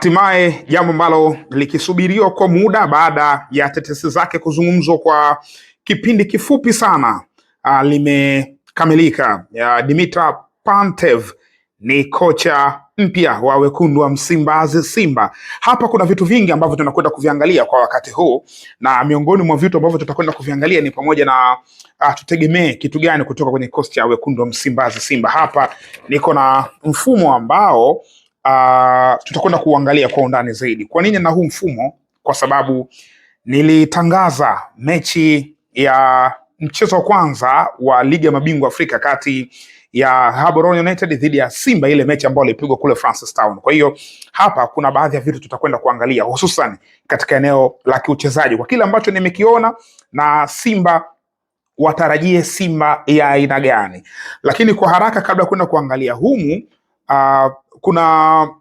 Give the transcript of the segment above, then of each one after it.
Hatimaye jambo ambalo likisubiriwa kwa muda baada ya tetesi zake kuzungumzwa kwa kipindi kifupi sana ah, limekamilika. Dimitar Pantev ni kocha mpya wa wekundu wa Msimbazi, Simba. Hapa kuna vitu vingi ambavyo tunakwenda kuviangalia kwa wakati huu, na miongoni mwa vitu ambavyo tutakwenda kuviangalia ni pamoja na uh, tutegemee kitu gani kutoka kwenye kosti ya wekundu wa Msimbazi, Simba. Hapa niko na mfumo ambao uh, tutakwenda kuangalia kwa undani zaidi kwa nini na huu mfumo, kwa sababu nilitangaza mechi ya mchezo wa kwanza wa ligi ya mabingwa Afrika kati ya Gaborone United dhidi ya Simba, ile mechi ambayo ilipigwa kule Francis Town. Kwa hiyo hapa kuna baadhi ya vitu tutakwenda kuangalia, hususan katika eneo la kiuchezaji kwa kile ambacho nimekiona, na Simba watarajie Simba ya aina gani. Lakini kwa haraka, kabla ya kwenda kuangalia humu, uh, kuna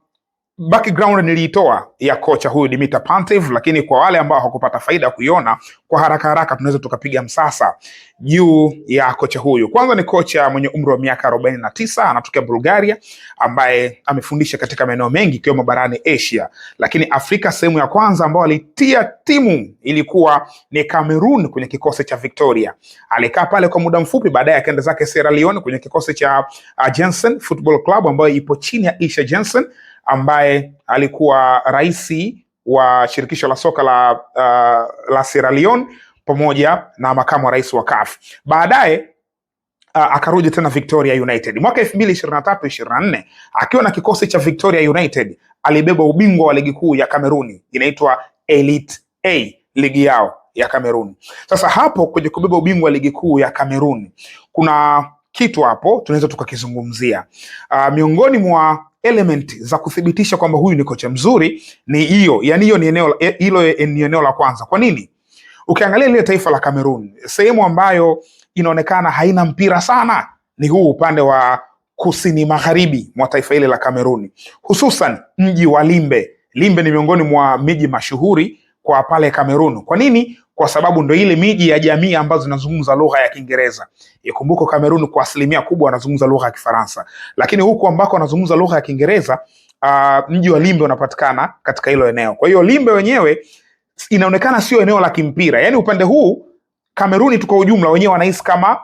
background niliitoa ya kocha huyu Dimitar Pantev, lakini kwa wale ambao hawakupata faida kuiona kwa haraka haraka, tunaweza tukapiga msasa juu ya kocha huyu. Kwanza ni kocha mwenye umri wa miaka arobaini na tisa anatokea Bulgaria, ambaye amefundisha katika maeneo mengi ikiwemo barani Asia, lakini Afrika sehemu ya kwanza ambao alitia timu ilikuwa ni Cameroon kwenye kikosi cha Victoria. Alikaa pale kwa muda mfupi, baadaye akaenda zake Sierra Leone kwenye kikosi cha uh, Jensen Football Club ambayo ipo chini ya Isha Jensen ambaye alikuwa rais wa shirikisho la soka la, uh, la Sierra Leone pamoja na makamu wa rais wa CAF. Baadaye uh, akarudi tena Victoria United mwaka na nne akiwa na kikosi cha Victoria United alibeba ubingwa wa ligi kuu ya Kameruni inaitwa Elite A, ligi yao ya Kameruni. Sasa hapo kwenye kubeba ubingwa wa ligi kuu ya Kameruni kuna kitu hapo tunaweza tukakizungumzia. Uh, miongoni mwa element za kuthibitisha kwamba huyu ni kocha mzuri ni hiyo, yani hiyo ni eneo eh, hilo eh, ni eneo la kwanza. Kwa nini? Ukiangalia lile taifa la Cameroon, sehemu ambayo inaonekana haina mpira sana ni huu upande wa kusini magharibi mwa taifa hili la Cameroon, hususan mji wa Limbe. Limbe ni miongoni mwa miji mashuhuri kwa pale Kamerun. Kwa nini? Kwa sababu ndo ile miji ya jamii ambazo zinazungumza lugha ya Kiingereza. Ikumbuko Kamerun kwa asilimia kubwa wanazungumza lugha ya Kifaransa, lakini huku ambako wanazungumza lugha ya Kiingereza uh, mji wa Limbe unapatikana katika hilo eneo. Kwa hiyo Limbe wenyewe inaonekana sio eneo la kimpira, yaani upande huu Kameruni tu kwa ujumla wenyewe wanahisi kama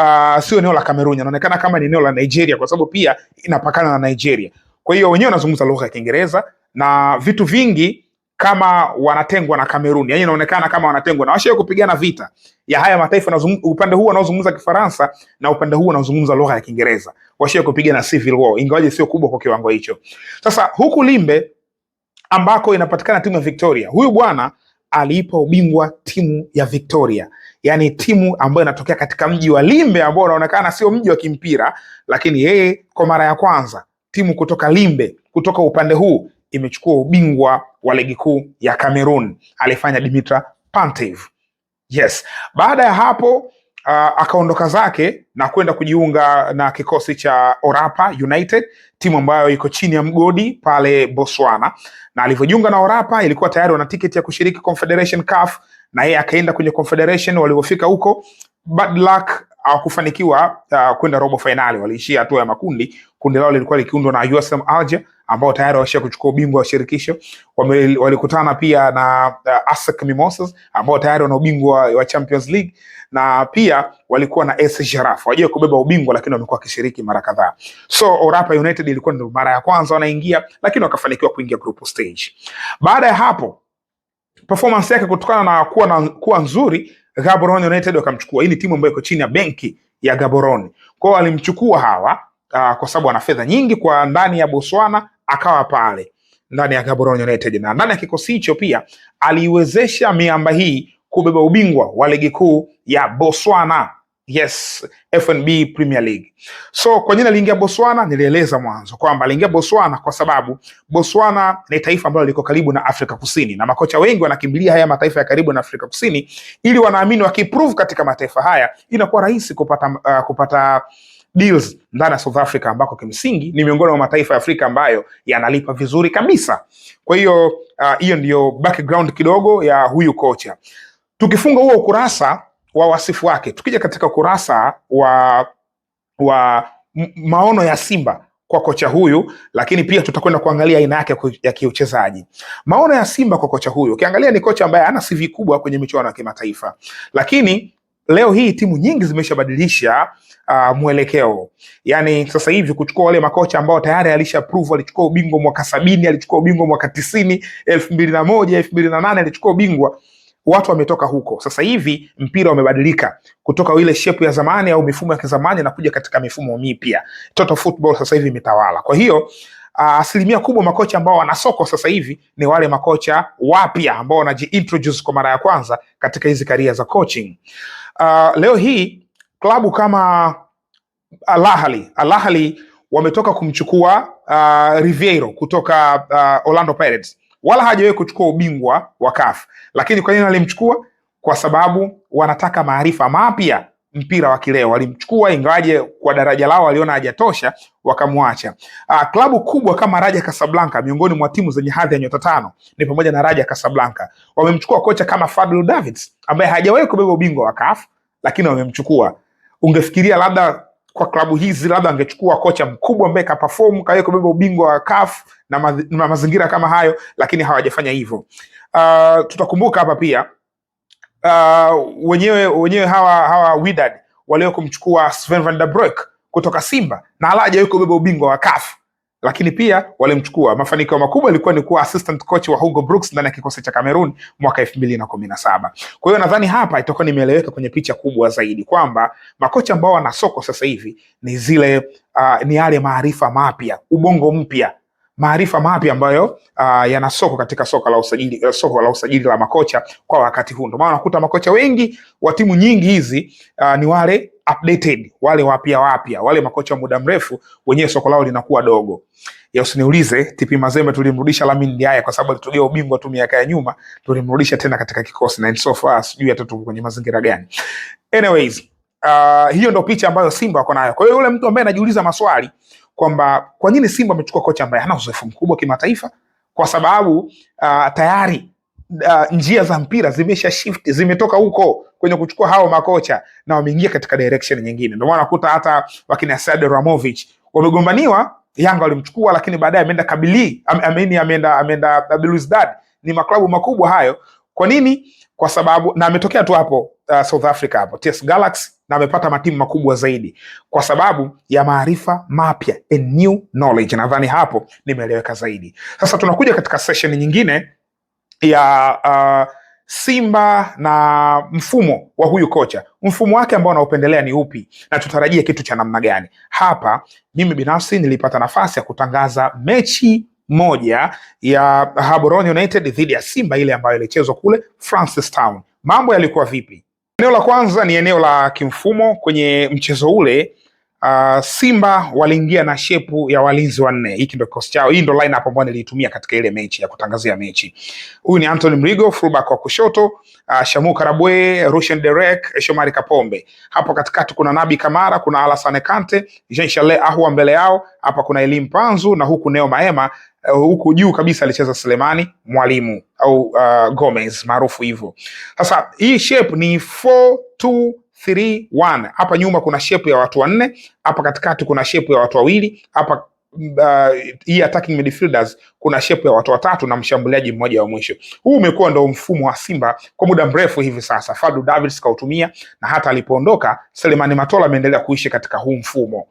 uh, sio eneo la Kameruni, inaonekana kama ni eneo la Nigeria kwa sababu pia inapakana na Nigeria. Kwa hiyo wenyewe wanazungumza lugha ya Kiingereza na vitu vingi kama wanatengwa na Kameruni, yaani inaonekana kama wanatengwa na washawe kupigana vita ya haya mataifa na upande huu wanaozungumza Kifaransa na upande huu wanaozungumza lugha ya Kiingereza, washawe kupigana civil war, ingawaje sio kubwa kwa kiwango hicho. Sasa huku Limbe ambako inapatikana timu ya Victoria, huyu bwana aliipa ubingwa timu ya Victoria, yaani timu ambayo inatokea katika mji wa Limbe ambao unaonekana sio mji wa kimpira, lakini yeye kwa mara ya kwanza timu kutoka Limbe kutoka upande huu imechukua ubingwa wa ligi kuu ya Cameroon, alifanya Dimitra Pantev. Yes, baada ya hapo Uh, akaondoka zake na kwenda kujiunga na kikosi cha Orapa United, timu ambayo iko chini ya mgodi pale Botswana, na alivyojiunga na Orapa ilikuwa tayari wana tiketi ya kushiriki Confederation Cup, na yeye akaenda kwenye Confederation. Walivyofika huko bad luck hawakufanikiwa uh, kwenda robo fainali, waliishia hatua ya makundi. Kundi lao lilikuwa likiundwa na USM Alger ambao tayari washia kuchukua ubingwa wa shirikisho. Walikutana pia na uh, ASEC Mimosas ambao tayari wana ubingwa wa Champions League na pia walikuwa na AS Giraffe wajue kubeba ubingwa, lakini wamekuwa wakishiriki mara kadhaa. So Orapa United ilikuwa ndio mara ya kwanza wanaingia, lakini wakafanikiwa kuingia group stage. Baada ya hapo performance yake kutokana na kuwa, na, kuwa nzuri Gaborone United wakamchukua. Hii ni timu ambayo iko chini ya benki ya Gaborone, kwao walimchukua hawa uh, kwa sababu ana fedha nyingi kwa ndani ya Botswana akawa pale ndani ya Gaborone United na ndani ya kikosi hicho pia aliiwezesha miamba hii kubeba ubingwa wa ligi kuu ya Botswana. Yes, FNB Premier League. So kwa nini aliingia Botswana? Nilieleza mwanzo kwamba aliingia Botswana kwa sababu Botswana ni taifa ambalo liko karibu na Afrika Kusini, na makocha wengi wanakimbilia haya mataifa ya karibu na Afrika Kusini ili wanaamini wakiprove katika mataifa haya inakuwa rahisi kupata, uh, kupata deals ndani ya South Africa ambako kimsingi ni miongoni mwa mataifa ya Afrika ambayo yanalipa vizuri kabisa. Kwa hiyo ah, hiyo uh, ndiyo background kidogo ya huyu kocha. Tukifunga huo ukurasa wa wasifu wake, tukija katika ukurasa wa wa maono ya Simba kwa kocha huyu, lakini pia tutakwenda kuangalia aina yake ya kiuchezaji. Maono ya Simba kwa kocha huyu, ukiangalia ni kocha ambaye ana CV kubwa kwenye michuano ya kimataifa, lakini leo hii timu nyingi zimeshabadilisha uh, mwelekeo. Yani sasa hivi kuchukua wale makocha ambao tayari alisha prove, alichukua ubingwa mwaka sabini, alichukua ubingwa mwaka tisini, elfu mbili na moja, elfu mbili na nane alichukua ubingwa watu wametoka huko. Sasa hivi mpira umebadilika kutoka ile shepu ya zamani au mifumo ya kizamani na kuja katika mifumo mipya. Total football sasa hivi imetawala. Kwa hiyo uh, asilimia kubwa makocha ambao wana soko sasa hivi ni wale makocha wapya ambao wanajiintroduce kwa mara ya kwanza katika hizi karia za coaching uh, leo hii klabu kama ah, Al Ahly Al Ahly wametoka kumchukua uh, Riveiro kutoka uh, Orlando Pirates, wala hajawahi kuchukua ubingwa wa CAF. Lakini kwa nini alimchukua? Kwa sababu wanataka maarifa mapya mpira wa kileo. Walimchukua ingawaje kwa daraja lao waliona hajatosha wakamwacha. Uh, klabu kubwa kama Raja Casablanca, miongoni mwa timu zenye hadhi ya nyota tano ni pamoja na Raja Casablanca. Wamemchukua kocha kama Fadlu Davids ambaye hajawahi kubeba ubingwa wa CAF, lakini wamemchukua. Ungefikiria labda kwa klabu hizi labda angechukua kocha mkubwa ambaye kaperform kawe kubeba ubingwa wa CAF na, ma na mazingira kama hayo, lakini hawajafanya hivyo. Uh, tutakumbuka hapa pia uh, wenyewe wenyewe hawa hawa Wydad walio kumchukua Sven van der Broek kutoka Simba na alaja yuko beba ubingwa wa CAF lakini pia walimchukua. Mafanikio makubwa ilikuwa ni kuwa assistant coach wa Hugo Brooks ndani ya kikosi cha Cameroon mwaka elfu mbili na kumi na saba. Kwa hiyo nadhani hapa itakuwa nimeeleweka kwenye picha kubwa zaidi kwamba makocha ambao wana soko sasa hivi ni zile uh, ni yale maarifa mapya, ubongo mpya maarifa mapya ambayo uh, yana soko katika soko la usajili, eh, soko la usajili la makocha kwa wakati huu. Ndio maana unakuta makocha wengi wa timu nyingi hizi uh, ni wale updated, wale wapya wapya, wale makocha muda mrefu, wenyewe soko lao linakuwa dogo. Ya usiniulize TP Mazembe tulimrudisha Lamine Diaye kwa sababu alitogea ubingwa tu miaka ya nyuma, tulimrudisha tena katika kikosi na in so far sijui hata tuko kwenye mazingira gani. Anyways, uh, hiyo ndio picha ambayo Simba wako nayo. Kwa hiyo yule mtu ambaye anajiuliza maswali kwamba kwa nini Simba amechukua kocha ambaye hana uzoefu mkubwa kimataifa, kwa sababu uh, tayari uh, njia za mpira zimesha shift, zimetoka huko kwenye kuchukua hao makocha na wameingia katika direction nyingine. Ndio maana nakuta hata wakina Sad Ramovic wamegombaniwa, Yanga walimchukua lakini baadaye ameenda Kabili, ameni ameenda ameenda Belouizdad. Ni maklabu makubwa hayo. Kwa nini? Kwa sababu na ametokea tu hapo uh, South Africa hapo TS Galaxy, na amepata matimu makubwa zaidi kwa sababu ya maarifa mapya a new knowledge. Nadhani hapo nimeeleweka zaidi. Sasa tunakuja katika session nyingine ya uh, Simba na mfumo wa huyu kocha, mfumo wake ambao anaupendelea ni upi, na tutarajie kitu cha namna gani? Hapa mimi binafsi nilipata nafasi ya kutangaza mechi moja ya Gaborone United dhidi ya Simba, ile ambayo ilichezwa kule Francistown. Mambo yalikuwa vipi? Eneo la kwanza ni eneo la kimfumo kwenye mchezo ule Uh, Simba waliingia na shepu ya walinzi wanne. Hiki ndio kikosi chao. Hii ndio lineup ambayo nilitumia katika ile mechi ya kutangazia mechi. Huyu ni Anthony Mrigo fullback wa kushoto, uh, Shamu Karabwe, Rushen Derek, Shomari Kapombe. Hapo katikati kuna Nabi Kamara, kuna Alassane Kante, Jean Charles Ahua mbele yao. Hapa kuna Elim Panzu na huku Neo Maema, uh, eh, huku juu kabisa alicheza Selemani Mwalimu au uh, Gomez maarufu hivyo. Sasa hii shape ni 4 2 3 1. Hapa nyuma kuna shape ya watu wanne, hapa katikati kuna shape ya watu wawili, hapa mm, uh, hii uh, attacking midfielders kuna shape ya watu watatu na mshambuliaji mmoja wa mwisho. Huu umekuwa ndio mfumo wa Simba kwa muda mrefu hivi sasa. Fadlu Davids kautumia na hata alipoondoka Selemani Matola ameendelea kuishi katika huu mfumo.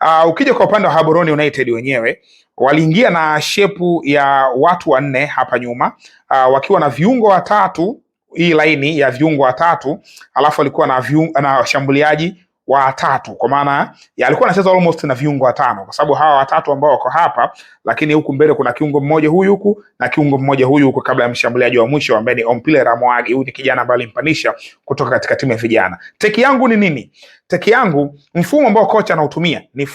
Uh, ukija kwa upande wa Haboroni United wenyewe waliingia na shepu ya watu wanne hapa nyuma, uh, wakiwa na viungo watatu hii laini ya viungo watatu, alafu alikuwa na viungo, na washambuliaji watatu kwa maana alikuwa anacheza almost na viungo watano, kwa sababu hawa watatu ambao wako hapa, lakini huku mbele kuna kiungo mmoja huyu huku na kiungo mmoja huyu huku, kabla ya mshambuliaji wa mwisho ambaye ni Ompile Ramwagi. Huyu ni kijana ambaye alimpanisha kutoka katika timu ya vijana. Teki yangu ni nini? Teki yangu, mfumo ambao kocha anautumia ni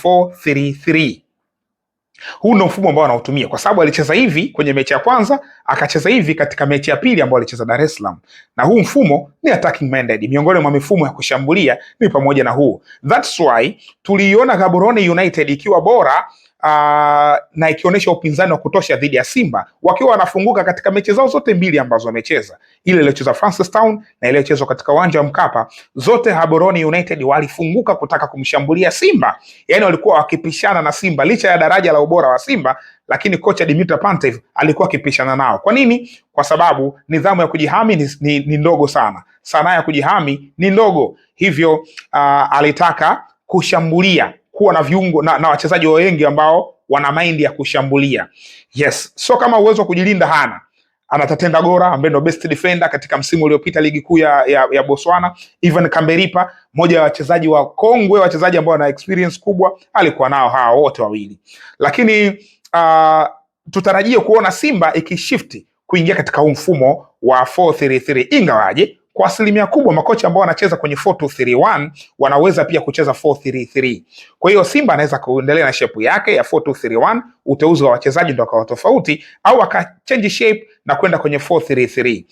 huu ndo mfumo ambao anautumia kwa sababu alicheza hivi kwenye mechi ya kwanza, akacheza hivi katika mechi ya pili ambayo alicheza Dar es Salaam. Na huu mfumo ni attacking minded. Miongoni mwa mifumo ya kushambulia ni pamoja na huu. That's why tuliiona Gaborone United ikiwa bora uh, na ikionyesha upinzani wa kutosha dhidi ya Simba wakiwa wanafunguka katika mechi zao zote mbili ambazo wamecheza, ile iliyocheza Francis Town na ile iliyochezwa katika uwanja wa Mkapa. Zote Haboroni United walifunguka kutaka kumshambulia Simba, yaani walikuwa wakipishana na Simba licha ya daraja la ubora wa Simba lakini kocha Dimitar Pantev alikuwa akipishana nao. Kwa nini? Kwa sababu nidhamu ya kujihami ni, ni, ni ndogo sana, sanaa ya kujihami ni ndogo, hivyo uh, alitaka kushambulia kuwa na viungo na, na wachezaji wengi ambao wana maindi ya kushambulia. Yes, so kama uwezo wa kujilinda hana anatatenda Gora ambaye ndo best defender katika msimu uliopita ligi kuu ya, ya, ya Botswana. Ivan Kamberipa, mmoja ya wachezaji wa kongwe, wachezaji ambao wana experience kubwa, alikuwa nao hao wote wawili, lakini uh, tutarajie kuona Simba ikishifti kuingia katika huu mfumo wa 433 ingawaje kwa asilimia kubwa makocha ambao wanacheza kwenye 4231 wanaweza pia kucheza 433. Kwa hiyo Simba anaweza kuendelea na shape yake ya 4231, uteuzi wa wachezaji ndio akawa tofauti, au akachange shape na kwenda kwenye 433.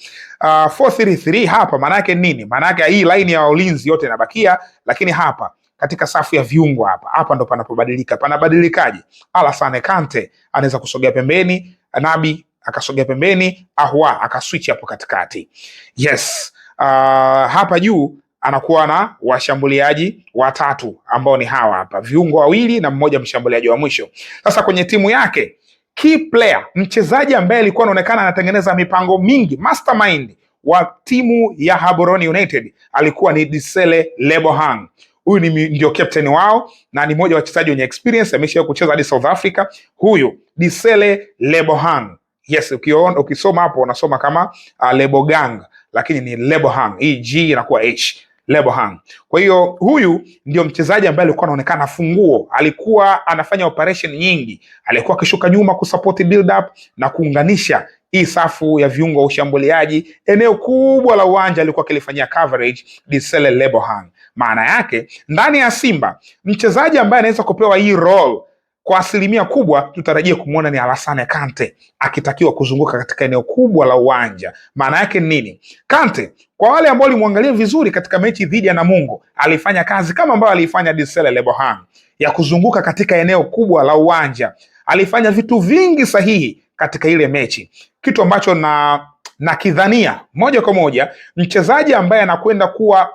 Uh, 433 hapa maana yake nini? Maana yake hii line ya ulinzi yote inabakia, lakini hapa katika safu ya viungo hapa hapa ndo panapobadilika. Panabadilikaje? Alassane Kante anaweza kusogea pembeni, Nabi akasogea pembeni, Ahwa akaswitch hapo katikati. Yes uh, hapa juu anakuwa na washambuliaji watatu ambao ni hawa hapa, viungo wawili na mmoja mshambuliaji wa mwisho. Sasa kwenye timu yake key player, mchezaji ambaye alikuwa anaonekana anatengeneza mipango mingi, mastermind wa timu ya Haboroni United alikuwa ni Disele Lebohang. Huyu ni ndio captain wao na ni mmoja wa wachezaji wenye experience, amesha kucheza hadi South Africa. Huyu Disele Lebohang, yes, ukiona ukisoma hapo unasoma kama uh, Lebogang lakini ni Lebo Hang. Hii G inakuwa H. Lebo Hang. Kwa hiyo huyu ndio mchezaji ambaye alikuwa anaonekana funguo, alikuwa anafanya operation nyingi, alikuwa akishuka nyuma kusupport build up na kuunganisha hii safu ya viungo wa ushambuliaji. Eneo kubwa la uwanja alikuwa akilifanyia coverage Disele Lebohang. Maana yake ndani ya Simba mchezaji ambaye anaweza kupewa hii role kwa asilimia kubwa tutarajia kumwona ni Alassane Kante akitakiwa kuzunguka katika eneo kubwa la uwanja. Maana yake ni nini? Kante kwa wale ambao walimwangalia vizuri katika mechi dhidi ya Namungo, alifanya kazi kama ambayo aliifanya Dinsele Lebohang ya kuzunguka katika eneo kubwa la uwanja. Alifanya vitu vingi sahihi katika ile mechi, kitu ambacho na nakidhania moja kwa moja mchezaji ambaye anakwenda kuwa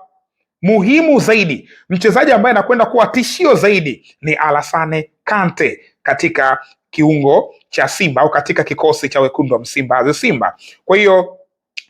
muhimu zaidi, mchezaji ambaye anakwenda kuwa tishio zaidi ni Alasane Kante katika kiungo cha Simba au katika kikosi cha wekundu wa Msimbazi Simba. Kwa hiyo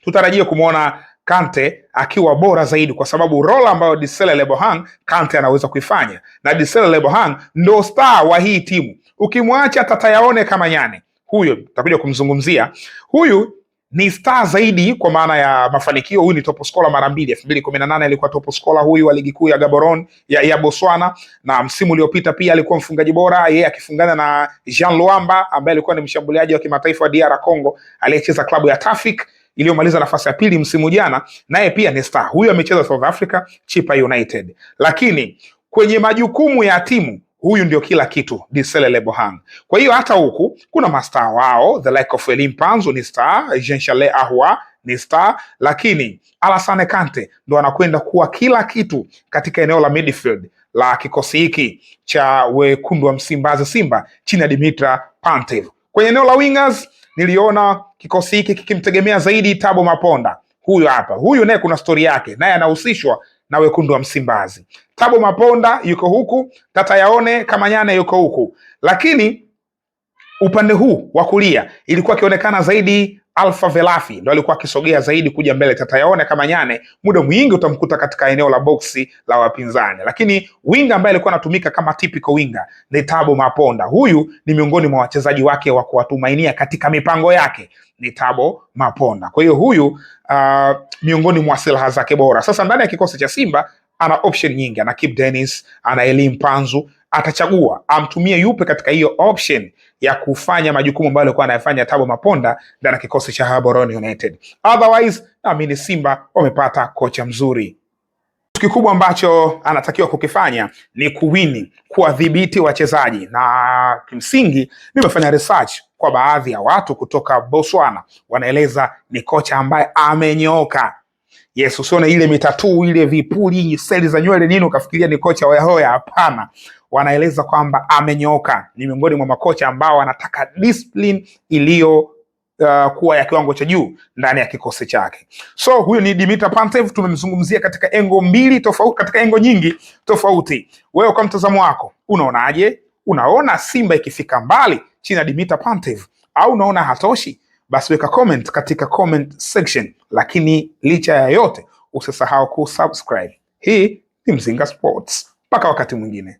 tutarajia kumwona Kante akiwa bora zaidi kwa sababu role ambayo Disele Lebohang Kante anaweza kuifanya, na Disele Lebohang ndo star wa hii timu. Ukimwacha Tatayaone kama nyani, huyo tutakuja kumzungumzia huyu ni star zaidi kwa maana ya mafanikio. Huyu ni top scorer mara mbili, 2018 kumi na nane alikuwa top scorer huyu wa ligi kuu ya Gaborone ya, ya Botswana, na msimu uliopita pia alikuwa mfungaji bora, yeye akifungana na Jean Luamba ambaye alikuwa ni mshambuliaji wa kimataifa wa DR Congo aliyecheza klabu ya Tafik iliyomaliza nafasi ya pili msimu jana, naye pia ni star huyu, amecheza South Africa Chipa United. Lakini kwenye majukumu ya timu huyu ndio kila kitu Diselele Kwa hiyo hata huku kuna mastaa wao, the like of Elim Panzu ni star, Jean Charles Ahua ni star, lakini Alassane Kante ndo anakwenda kuwa kila kitu katika eneo la midfield la kikosi hiki cha wekundu wa Msimbazi, Simba, chini ya Dimitar Pantev. Kwenye eneo la wingers niliona kikosi hiki kikimtegemea zaidi Tabo Maponda. Huyu hapa, huyu naye kuna stori yake, naye anahusishwa na wekundu wa Msimbazi. Tabo Maponda yuko huku, Tata Yaone Kamanyane yuko huku, lakini upande huu wa kulia ilikuwa akionekana zaidi Alfa Velafi ndo alikuwa akisogea zaidi kuja mbele. Tatayaone kama Nyane muda mwingi utamkuta katika eneo la boksi la wapinzani, lakini winga ambaye alikuwa anatumika kama typical winga ni Tabo Maponda. Huyu ni miongoni mwa wachezaji wake wa kuwatumainia katika mipango yake ni Tabo Maponda. Kwa hiyo huyu uh, miongoni mwa silaha zake bora. Sasa ndani ya kikosi cha Simba ana option nyingi, ana Kip Dennis, ana Elim Panzu atachagua amtumie yupe katika hiyo option ya kufanya majukumu ambayo alikuwa anayafanya tabo Maponda ndani ya kikosi cha Gaborone United. Otherwise, naamini Simba wamepata kocha mzuri. Kitu kikubwa ambacho anatakiwa kukifanya ni kuwini, kuwadhibiti wachezaji, na kimsingi nimefanya research kwa baadhi ya watu kutoka Botswana, wanaeleza ni kocha ambaye amenyooka Yes, usione ile mitatuu ile vipuli seli za nywele nini ukafikiria ni kocha hoyahoya. Hapana, wanaeleza kwamba amenyooka, ni miongoni mwa makocha ambao wanataka discipline iliyo Uh, kuwa ya kiwango cha juu ndani ya kikosi chake. So huyu ni Dimitar Pantev, tumemzungumzia katika engo mbili tofauti, katika engo nyingi tofauti. Wewe kwa mtazamo wako unaonaje? Unaona Simba ikifika mbali chini ya Dimitar Pantev au unaona hatoshi? basi weka comment katika comment section, lakini licha ya yote usisahau kusubscribe. Hii ni Mzinga Sports, mpaka wakati mwingine.